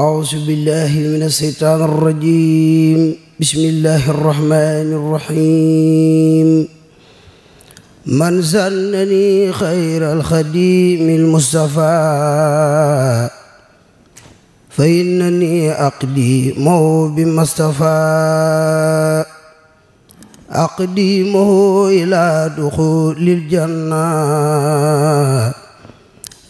أعوذ بالله من الشيطان الرجيم بسم الله الرحمن الرحيم من زلني خير الخديم المصطفى فإنني أقديمه بما اصطفى أقديمه إلى دخول الجنة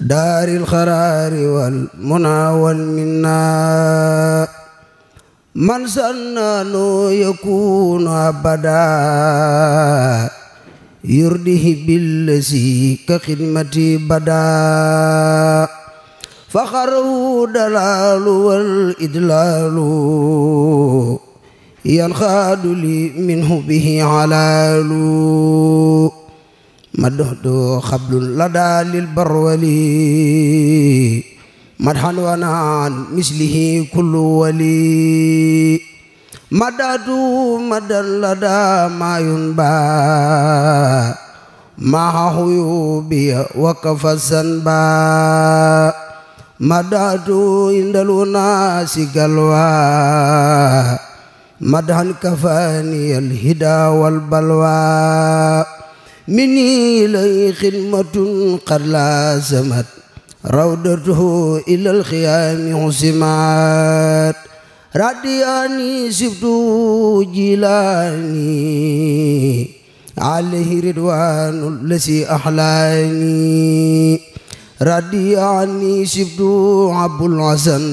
دار الخرار والمنى والمنى من سنان يكون أبدا يرده بالذي كخدمتي بدا فخره دلال والإدلال ينخاد لي منه به علال مدحت خبل لدى للبرولي مدحا ونعان مثله كل ولي مدد مدى لدى ما ينبى مع حيوبي وكف الزنبى مدد عند الناس قلوى مدحا كفاني الهدى والبلوى مني إلي خدمة قد لازمت روضته إلى الخيام عزمات ردياني سبت جيلاني عليه رضوان الذي أحلاني ردياني سبت عبد الحسن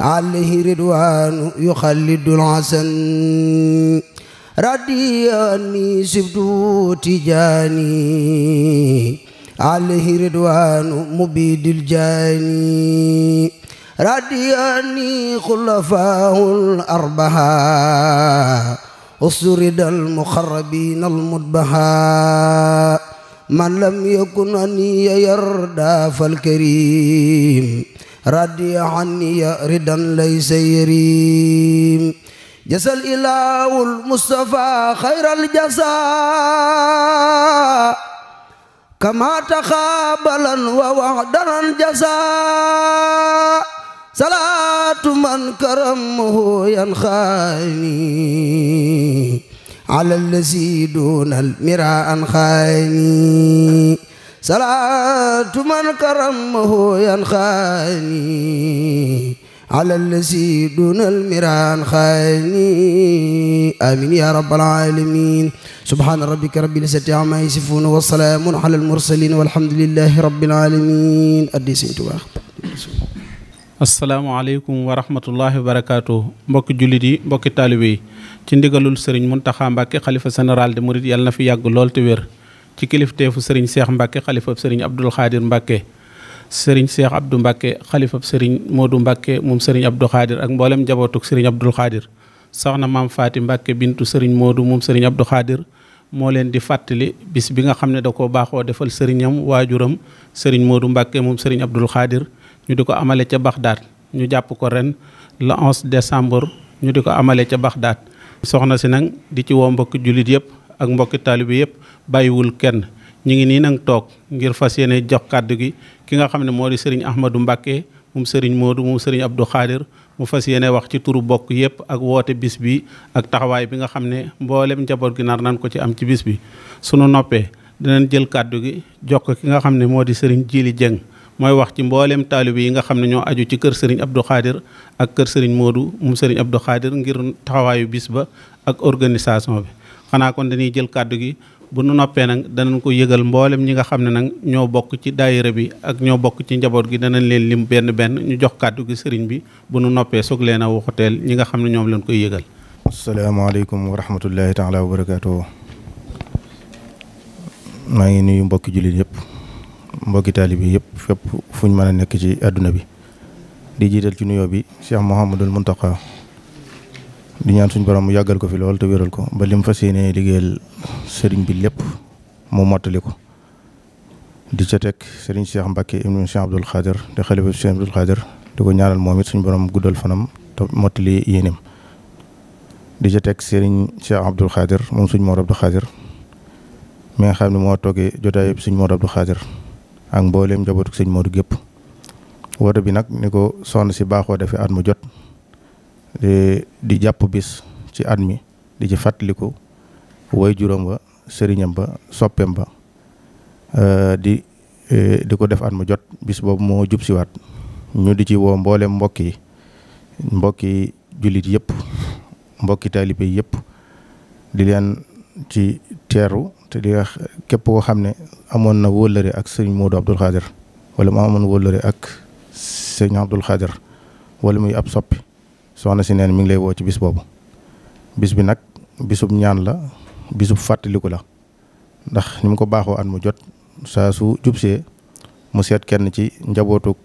عليه رضوان يخلد الحسن radiyani sibtu tijani alayhi ridwanu mubidil jani radiyani khulafahul arbaha usridal mukharrabin al mudbaha man lam yakun aniya yarda fal karim radiya anniya ridan laysa yarim jasal ilaahul mustafa xayral jasaa kama taxaabalan wa waxdaran jasaa salaatu man karamuhu yan xayni ala lazi dunal mira an xayni salaatu man karamuhu yan xayni على الذي دون المران خاني آمين يا رب العالمين سبحان ربك رب العزة عما يصفون وسلام على المرسلين والحمد لله رب العالمين wa rahmatullahi wa barakaatu mbokki jullit yi mbokki taalibe yi ci ndigalul Muntaxa Mbàkke xalifa général de Mouride yàlla fi yàgg lool te wér ci kilifteefu sëriñ Seex Mbàkke xalifa sëriñ Abdul Xaadir Mbàkke sëriñ Cheikh Abdou Mbacke xalifab sëriñ Modou Mbacke moom sëriñ Abdou Khadir ak mboolem jabootug sëriñ Abdou Khadir soxna maam Faati Mbacke bintu sëriñ du moom sëriñ Abdou Khadir moo leen di fàttali bis bi nga xam ne da koo baaxoo defal sëriñam waajuram sëriñ Modou Mbacke moom sëriñ Abdou Khadir ñu di ko amale ca Baxdaad ñu jàpp ko ren le 11 décembre ñu di ko amale ca Baxdaad soxna si nag di ci woo mbokki jullit yëpp ak mbokki taalibi yëpp bàyyiwul kenn ñu ngi nii nag toog ngir fas yéene jox kàddu gi ki nga xam ne moo di sëriñ Ahmadou Mbacke moom sëriñ Modou moom sëriñ Abdou Khadir mu fas yéene wax ci turu bokk yépp ak woote bis bi ak taxawaay bi nga xam ne mboolem njaboot gi nar nan ko ci am ci bis bi. sunu noppee dinañ jël kàddu gi jox ko ki nga xam ne moo di sëriñ Jili Dieng mooy wax ci mboolem taalibe yi nga xam ne ñoo aju ci kër sëriñ Abdou Khadir ak kër sëriñ Modou moom sëriñ Abdou Khadir ngir taxawaayu bis ba ak organisation bi xanaa kon dañuy jël kàddu gi. bu nu noppee nag danañ ko yëgal mboolem ñi nga xam ne nag ñoo bokk ci daayira bi ak ñoo bokk ci njaboot gi danañ leen lim benn benn ñu jox kàddu gi sëriñ bi bu nu noppee soog leen a waxuteel ñi nga xam ne ñoom leen koy yëgal. asalaamaaleykum wa rahmatullahi taala wa barakaatu. maa ngi nuyu mbokki jullit yëpp mbokki taalibe yëpp fépp fu ñu mën a nekk ci àdduna bi di jiital ci nuyoo bi Cheikh Mouhamadul Mountakha. di ñaan suñu borom mu yàggal ko fi lool te wéral ko ba fa fas yéenee liggéeyal sëriñ bi lépp mu mottali ko di ca teg sëriñ Cheikh Mbacke ibnu Cheikh Abdoul Khadir te xalifa Cheikh Abdoul Khadir di ko ñaanal moom it suñu borom guddal fanam mottali yéeneem di ca teg sëriñ Cheikh Abdoul Khadir moom suñu Mor Abdoul Khadir xam ne moo toogee jotaay yëpp suñu Mor Abdoul Khadir ak mbooleem njabootu sëñ Modou gépp woote bi nag ni ko soxna si baaxoo defee at mu jot. di jàpp bis ci at mi di ci fàttaliku way juróom ba sëriñam ba soppeem ba euh, di euh, di ko def at mu jot bis boobu moo jub siwaat ñu di ci woo mboole mbokk yi mbokki jullit yëpp mbokki taalibe yëpp di leen ci teeru te di wax képp koo xam ne amoon na wóllëre ak sëriñ moodo Abdoul Khadir wala mu amoon wóllëre ak sëriñ Abdoul Khadir wala muy ab sopp soxna si neen mi ngi lay woo ci bis boobu bis bi nag bisub ñaan la bisub fàttaliku la ndax ni mu ko baaxoo at mu jot saa su jubsee mu seet kenn ci njabootu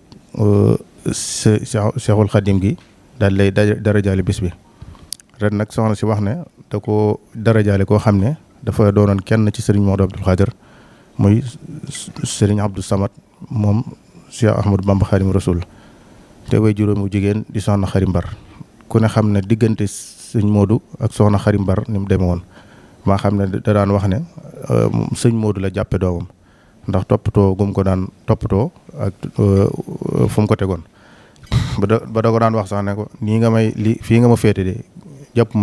uh, Seexul Xadim gi daal lay darajaale bis bi ren nag soxna si wax ne da koo darajaale koo xam ne dafa doonan kenn ci sëriñ Modou Abdoul Khadir muy sëriñ Abdou Samad moom Cheikh Ahmadou Bamba Xaadimu Rasuul te way mu jigéen di soxna Xari Mbar ku ne xam ne diggante sëñ moodu ak soxna Xari Mbar ni mu demee woon maa xam ne da daan wax ne euh, sëñ moodu la jàppe doomam ndax toppatoo gum ko daan toppatoo ak euh, fu ko tegoon ba da ba ko daan wax sax ne ko nii nga may li fii nga ma féete de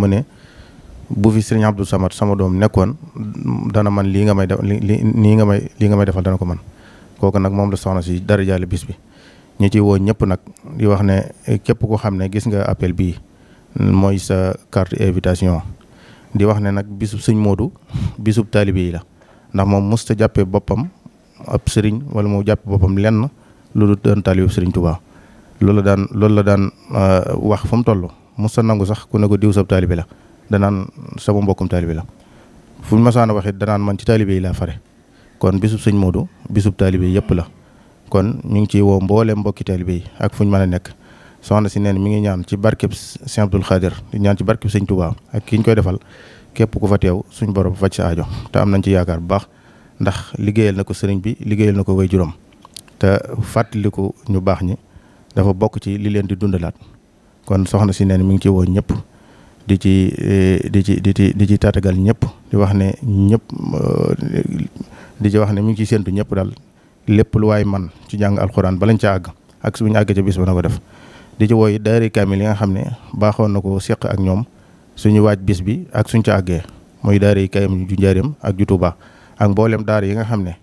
ma ne bu fi sëñ Abdou Samad sama doom nekkoon dana man lii nga may def li nii nga may lii nga defal dana ko man kooku nag moom la soxna si dara jaale bis bi ñu ci woo ñëpp nag di wax ne eh, képp ko xam ne gis nga appel bii mooy sa carte invitation di wax ne nag bisub sëñ Modou bisub taalibe yi la ndax moom musta jàppee boppam ab sëriñ wala mu jàppe boppam lenn loolu doon taalibe sëriñ Touba loolu daan loolu la daan eh, wax fu mu toll musta nangu sax ku ne ko diw sab taalibe la danaan sama mbokkum taalibe la fu ñu masaan a waxee danaan man ci taalibe yi laa fare kon bisub sëñ Modou bisub taalibe yëpp la kon ñu ngi ciy woo mboolem mbokkiteel bi ak fuñ ñu mën a nekk soxna si neen mi ngi ñaan ci barkeb Sëñ Abdul Xaadir di ñaan ci barkeb Sëñ Tuubaa ak ki ñu koy defal képp ku fa teew suñ borom faj sa aajo te am nañ ci yaakaar bu baax ndax liggéeyal na ko sëriñ bi liggéeyal na ko way juróom te fàttaliku ñu baax ñi dafa bokk ci li leen di dundalaat kon soxna si neen mi ngi ci woo ñëpp e, di ci di ci di ci di ci tatagal ñëpp di wax ne ñëpp e, di ci wax ne mi ngi ciy séentu ñëpp daal lépp lu waay man ci jàng alxuraan balañ ca àgg ak suñu àgg ca bis ba na ko def di ci wooy daari kaamil yi nga xam ne baaxoon na ko seq ak ñoom suñu waaj bis bi ak suñ ca àggee mooy daari kaamil ju njaareem ak ju Tuubaa ak mboolem daara yi nga xam ne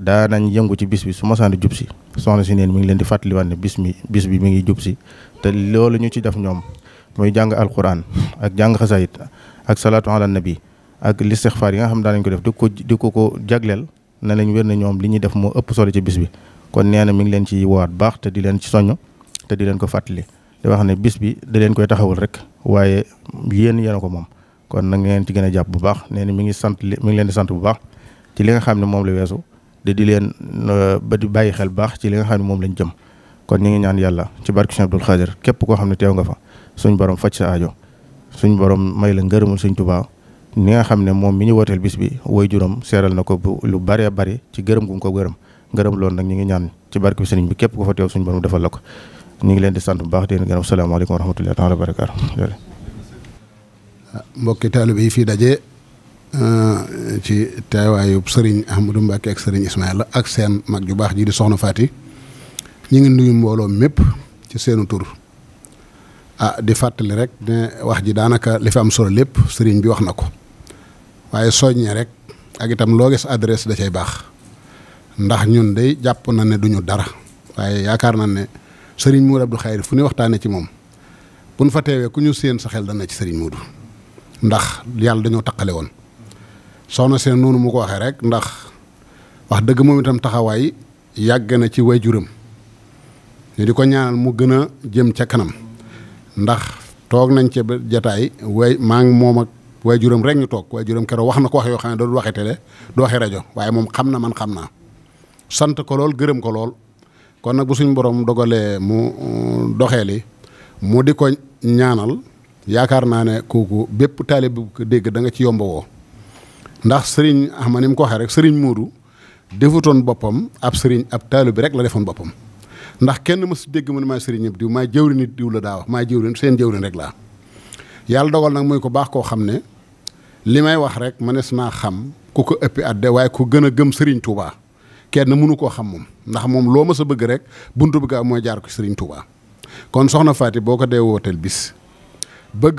daa nañ yëngu ci bis bi su mosaan di jub si soxna si neen mi ngi leen di fàttaliwaat ne bis mi bis bi mi ngi jub si te loolu ñu ci def ñoom muy jàng alxuraan ak jàng xasaayit ak salaatu ala nabi ak listixfaar yi nga xam ne daa nañ ko def di ko di ko ko jagleel ne lañ wér na ñoom li ñuy def moo ëpp solo ci bis bi kon nee na mi ngi leen ci woowaat baax te di leen ci soññ te di leen ko fàttali di wax ne bis bi da leen koy taxawul rek waaye yéen yéen ko moom kon nag ngeen ci gën a jàpp bu baax nee na mi ngi sant mi ngi leen di sant bu baax ci li nga xam ne moom la weesu di di leen euh, ba di bàyyi xel baax ci li nga xam ne moom lañ jëm kon ñu ngi ñaan yàlla ci barke Sëñ Abdul Xaadir képp koo xam ne teew nga fa suñ borom faj sa aajo suñ borom may la ngërëmul Sëñ Tuubaa ni nga xam ne moom mi ñu wooteel bis bi woy juróom seeral na ko bu lu bëree bari ci gërëm gum ko gërëm ngërëm loolu nag ñu ngi ñaan ci barke bi sëriñ bi képp ko fa teew suñu borom defal la ko ñu ngi leen di sant bu baax di leen gërëm salaamaaleykum wa rahmatullahi taala wa barakaatu ah, mbokki taalibe yi fii daje ah, ci teewaayu sëriñ Ahmadou Mbacke ak sëriñ la ak seen mag ju baax ji di soxna Faati ñu ngi nuyu mbooloo mépp ci seenu tur ah di fàttali rek ne wax ji daanaka li fi am solo lépp sëriñ bi wax na ko waaye soññee rek ak itam loo gis adresse da cay baax ndax ñun day jàpp na ne duñu dara waaye yaakaar na ne sëriñ Mourou Abdou Khayri fu ñu waxtaanee ci moom bu ñu fa teewee ku ñu séen sa xel dana ci sëriñ Mourou ndax yàlla dañoo taqale woon soxna seen noonu mu ko waxee rek ndax wax dëgg moom itam taxawaay yàgg na ci way waajuram ñu di ko ñaanal mu gën a jëm ca kanam ndax toog nañ ca jataay way maa moom ak waaye juróom rek ñu toog waaye juróom keroog wax na ko wax yoo xam ne doo waxee télé doo waxee rajo waaye moom xam na man xam naa sant ko lool gërëm ko lool kon nag bu suñ borom dogalee mu uh, doxee mu di ko ñaanal yaakaar naa ne kooku bépp taalib bu ko dégg da nga ci yomb woo ndax sëriñ Axma ah, ni mu ko waxee rek sëriñ muuru defutoon boppam ab sëriñ ab taalib bi rek la defoon boppam ndax kenn mës dégg mu ne maa sëriñ ñëpp diw maa jëwri nit diw la daa wax maa jëwri seen jëwri rek laa yàlla dogal nag ko baax koo xam ne li may wax rek mënees naa xam ku ko ëppi at de waaye ku gën a gëm sëriñ Touba kenn mënu koo xam moom ndax moom loo ma sa bëgg rek buntu bi gaaw mooy jaar ko Serigne Touba kon soxna Faty boo ko dee wooteel bis bëgg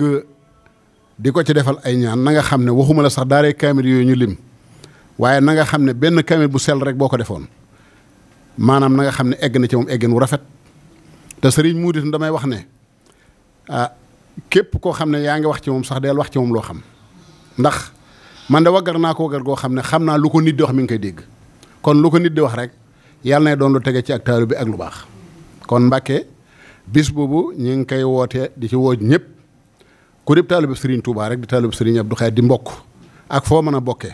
di ko ci defal ay ñaan na nga xam ne waxuma la sax daaree kaamil yooyu ñu lim waaye nanga xam ne benn kaamil bu sell rek boo ko defoon maanaam na nga xam ne egg na ci moom eggin wu rafet te Serigne Mouride damay wax ne ah képp koo xam ne yaa ngi wax ci moom sax del wax ci moom loo xam. ndax man de waggar naa ko waggar goo xam ne xam naa lu ko nit di wax mi ngi koy dégg kon lu ko nit di wax rek yàlla nay doon lu tege ci ak taalu bi ak lu baax kon Mbàkke bis boobu ñu ngi koy woote di ci wooj ñëpp ku dib taalu bi Serigne Touba rek di taalu bi Serigne Abdou di mbokk ak foo mën a bokkee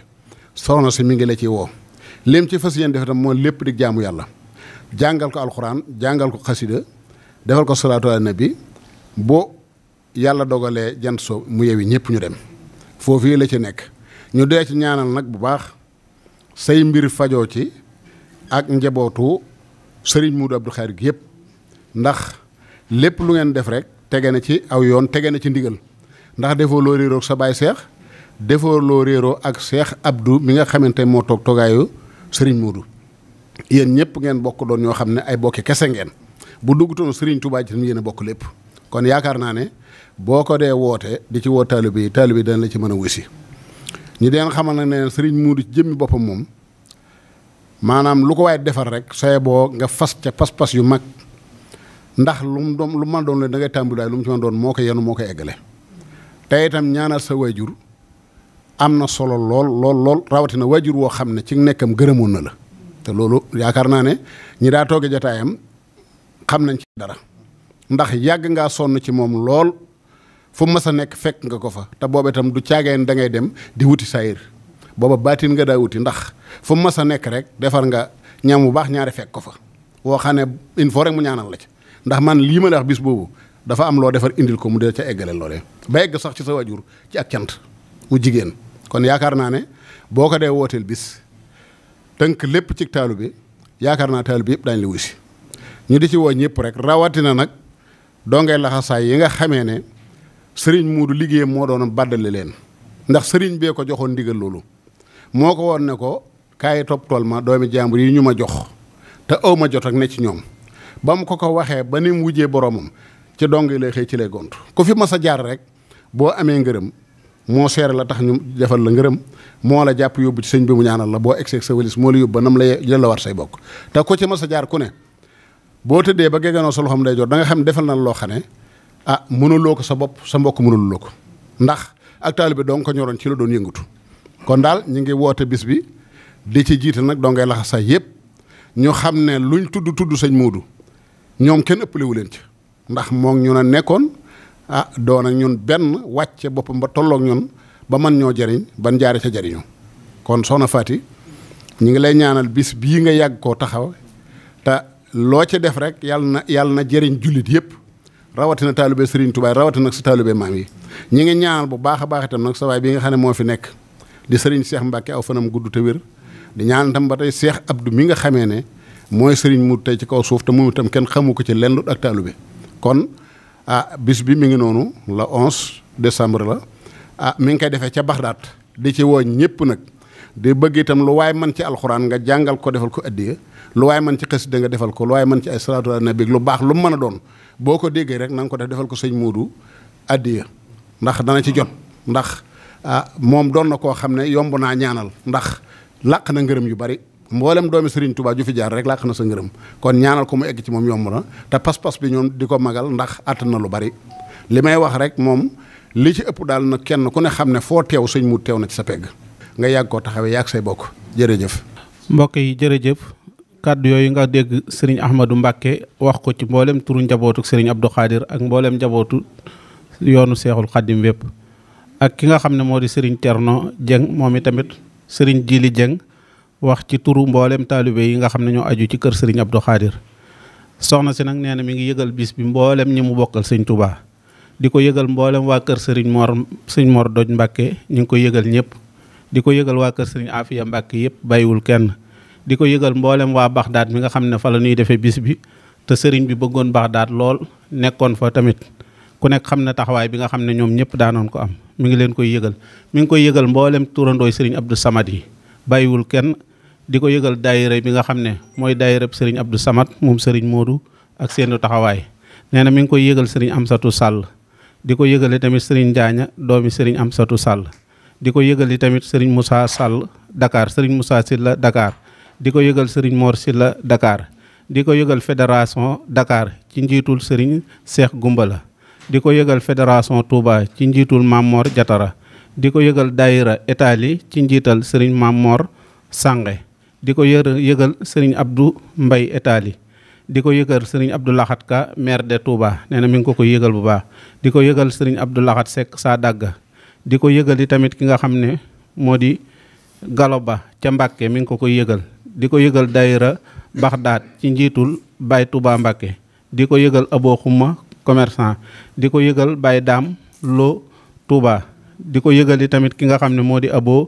soxna si mi ngi la ci woo lim ci fas yéen def tam moo lépp di jaamu yàlla jàngal ko alxuraan jàngal ko xasida defal ko salaatu ala nabi boo yàlla dogalee jant so mu yewi ñëpp ñu dem foofii la ci nekk ñu dee ci ñaanal nag bu baax say mbir fajoo ci ak njabootu sëriñ Moudou Abdou Khadre gi yëpp ndax lépp lu ngeen def rek tege na ci aw yoon tege na ci ndigal ndax defoo loo réeroo ak sa baay seex defoo loo réeroo ak mi nga xamante moo toog togaayu sëriñ Moudou yéen ñëpp ngeen bokk doon ñoo xam ne ay bokki kese ngeen bu dugg duggutoon sëriñ Touba ci yéen a bokk lépp kon yaakaar naa ne. boo ko dee woote di ci woo taalibe yi taalibe yi dañ la ci mën a wusi ñi deen xamal na ne sëriñ Muudu ci jëmmi boppam moom maanaam lu ko waaye defar rek sooy boo nga fas ca pas-pas yu mag ndax lu doom doon lu mën doon la da ngay tàmbali lu mu ci mën doon moo ko yenu moo ko eggale te itam ñaanal sa waajur am na solo lool lool lool rawatina waajur woo xam ne ci nekkam gërëmoon na la te loolu yaakaar naa ne ñi daa tooge jataayam xam nañ ci dara ndax yàgg ngaa sonn ci moom lool fu mu mës a nekk fekk nga ko fa te booba itam du caageen dangay dem di wuti sayir booba baatiin nga daa wuti ndax fu mu mës a nekk rek defar nga ñam bu baax ñaari fekk ko fa woo xam ne il faut rek mu ñaanal la ci ndax man lii ma la bis boobu dafa am loo defar indil ko mu dee ca eggale loolee ba egg sax ci sa wajur ci ak cant wu jigéen kon yaakaar naa ne boo ko dee wooteel bis tënk lépp ci taalu bi yaakaar naa taalu bi yëpp daañu la ñu di ci woo ñëpp rek rawatina nag doo laxasaay yi nga xamee ne sëriñ Muudu liggéeyam moo doon bàddali leen ndax sëriñ bee ko joxoon ndigal loolu moo ko woon ne ko kaay topp tool ma doomi jàmbur yi ñu ma jox te aw ma jot ak ne ci ñoom ba mu ko ko waxee ba ni mu wujjee boromam ci dong yi lay xëy ci lay gont ku fi mas a jaar rek boo amee ngërëm moo seere la tax ñu defal la ngërëm moo la jàpp yóbbu ci sëñ bi mu ñaanal la boo egseeg sa walis moo la yóbbu ba nam la la war say bokk te ku ci mas a ku ne boo tëddee ba gegganoo sa loxoom day jot da nga xam defal na loo xam ah mënuloo ko sa bopp sa mbokk mënuloo ko ndax ak taalibe dong ko ñoroon ci la doon yëngatu kon daal ñu ngi woote bis bi di ci jiital nag dongay laxasa yëpp ñu xam ne luñ tudd tudd sañ Moodu ñoom kenn ëppalewu leen ci ndax moom ñu ne nekkoon ah doon ak ñun benn wàcce boppam ba tolloog ñun ba man ñoo jariñ ban jaare sa jariñoo kon soo na Faty ñu ngi lay ñaanal bis bii nga yàgg koo taxaw te loo ci def rek yàlla na yàlla na jëriñ jullit yëpp rawatina taalibe Serigne Touba rawatina nag sa taalibe maam yi ñi ngi ñaanal bu baax a baax itam nag sa waay bi nga xam ne moo fi nekk di Serigne Cheikh Mbacke aw fanam gudd te wér di ñaan itam ba tey Cheikh Abdou mi nga xamee ne mooy Serigne mu tey ci kaw suuf te mu tam kenn xamu ko ci lenn ak taalibe kon ah bis bi mi ngi noonu la 11 décembre la ah mi ngi koy defee ca Baxdaat di ci wooñ ñëpp nag. di bëgg itam lu waaye man ci alxuraan nga jàngal ko defal ko addiya lu waaye man ci xasida nga defal ko lu waaye man ci ay salaatu ala nabi lu baax lu mu mën a doon boo ko déggee rek na ko def defal ko sëñ Moodu addiya ndax dana ci jot ndax ah moom doon na koo xam ne yomb naa ñaanal ndax làq na ngërëm yu bari mboolem doomi Serigne Touba ju fi jaar rek làq na sa ngërëm kon ñaanal ko mu egg ci moom yomb na te pas-pas bi ñoom di ko magal ndax àttan na lu bari li may wax rek moom li ci ëpp daal na kenn ku ne xam ne foo teew sëñ mu teew na ci sa pegg nga yàgg koo taxawee yàgg say bokk jërëjëf. mbokk yi jërëjëf kàddu yooyu nga dégg sëriñ ahmadu Mbacke wax ko ci mboolem turu njabootu sëriñ Abdou Khadir ak mboolem njabootu yoonu seexul xaddim wépp ak ki nga xam ne moo di sëriñ Thierno Dieng moom tamit sëriñ Djili Dieng wax ci turu mboolem taalibe yi nga xam ne ñoo aju ci kër sëriñ Abdou Khadir soxna si nag nee na mi ngi yëgal bis bi mboolem ñi mu bokkal sëñ Touba di ko yëgal mboolem waa kër sëriñ Mor sëñ Mor Doj Mbacke ñu ngi ko yëgal ñëpp. di ko yëgal waa kër sëriñ Afia Mbàkke yëpp bàyyiwul kenn di ko yëgal mboolem waa Baxdaad mi nga xam ne fa la ñuy defee bis bi te sëriñ bi bëggoon Baxdaad lool nekkoon fa tamit ku nekk xam na taxawaay bi nga xam ne ñoom ñëpp daanoon ko am mi ngi leen koy yëgal mi ngi koy yëgal mboolem turandooy sëriñ Abdou samat yi bàyyiwul kenn di ko yëgal daayira bi nga xam ne mooy daayira sëriñ Abdou samat moom sëriñ moodu ak seenu taxawaay nee na mi ngi koy yëgal sëriñ Amsatu Sàll di ko yëgale tamit sëriñ Njaaña doomi sëriñ Amsatu Sàll di ko yëgal tamit sëriñ Moussa Sall dakaar sëriñ Moussa Silla Dakar di ko yëgal sëriñ Mor Silla Dakar di ko yëgal fédération Dakar ci njiitul sëriñ Cheikh Gumbala di ko yëgal fédération Touba ci njiitul Mamor Jatara di ko yëgal daayira Italie ci njiital sëriñ Mamor Sànge di ko yër yëgal sëriñ Abdou Mbay Italie di ko yëgal sëriñ Abdou Lahat Ka maire de Touba nee na mi ngi ko ko yëgal bu baax di ko yëgal sëriñ Abdou Lahat Seck saa dàgga di ko yëgal tamit ki nga xam ne moo di Galo Ba ca Mbàkke mi ngi ko koy yëgal di ko yëgal daayira Baxdaat ci njiitul Baay Tuubaa Mbàkke di ko yëgal aboo Xuma commerçant di ko yëgal Baay Daam loo Tuubaa di ko yëgal tamit ki nga xam ne moo di aboo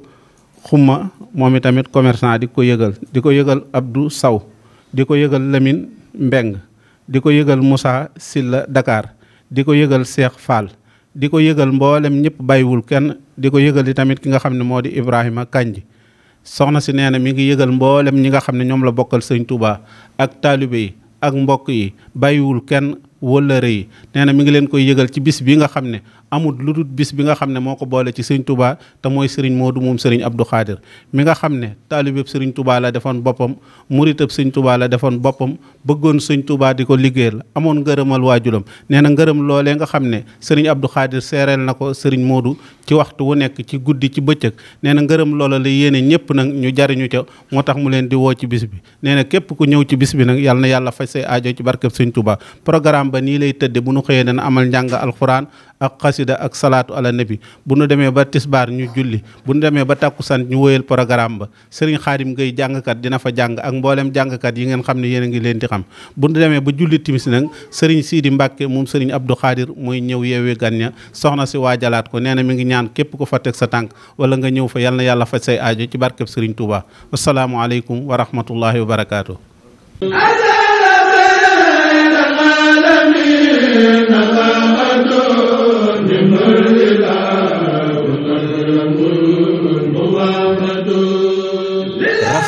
Xuma moom i tamit commerçant di ko yëgal di ko yëgal Abdou Saw di ko yëgal Lamine Mbeng di ko yëgal Moussa Silla Dakar di ko yëgal Seex Fall di ko yëgal mboolem ñëpp bàyyiwul kenn di ko yëgal di tamit ki nga xam ne moo di Ibrahima Kanji soxna si nee na mi ngi yëgal mboolem ñi nga xam ne ñoom la bokkal sëñ Touba ak taalibe yi ak mbokk yi bàyyiwul kenn wëllëre yi nee na mi ngi leen koy yëgal ci bis bi nga xam ne amul lu dul bis bi nga xam ne moo ko boole ci sëriñ Touba te mooy sëriñ Modou moom sëriñ Abdou Khadir mi nga xam ne taalibeb sëriñ Touba la defoon boppam muritab sëñ Touba la defoon boppam bëggoon sëriñ Touba di ko liggéeyal amoon ngërëmal waajuram nee na ngërëm loole nga xam ne sëriñ Abdou Khadir seereel na ko sëriñ Modou ci waxtu wu nekk ci guddi ci bëccëg nee na ngërëm loola la yéene ñëpp nag ñu jariñu ca moo tax mu leen di woo ci bis bi nee na képp ku ñëw ci bis bi nag yàlla na yàlla faj say aajo ci barkeb sëriñ Touba programme ba nii lay tëdde bu ñu xëyee dana amal njàng alxuraan ak xasida ak salaatu ala nabi bu nu demee ba tisbaar ñu julli bu nu demee ba takkusaan ñu wóyal programme ba sëriñ xaadim ngay jàngkat dina fa jàng ak mbooleem kat yi ngeen xam ne yéen a ngi leen di xam bu nu demee ba julli timis nag sëriñ Sidi Mbàkke moom sëriñ Abdou Xaadir mooy ñëw yeewe gan ña soxna si waajalaat ko nee na mi ngi ñaan képp ko fa teg sa tànk wala nga ñëw fa yal na yàlla faj say aajo ci barkeb sëriñ Touba asalaamualeykum wa rahmatullahi wa barakaatu.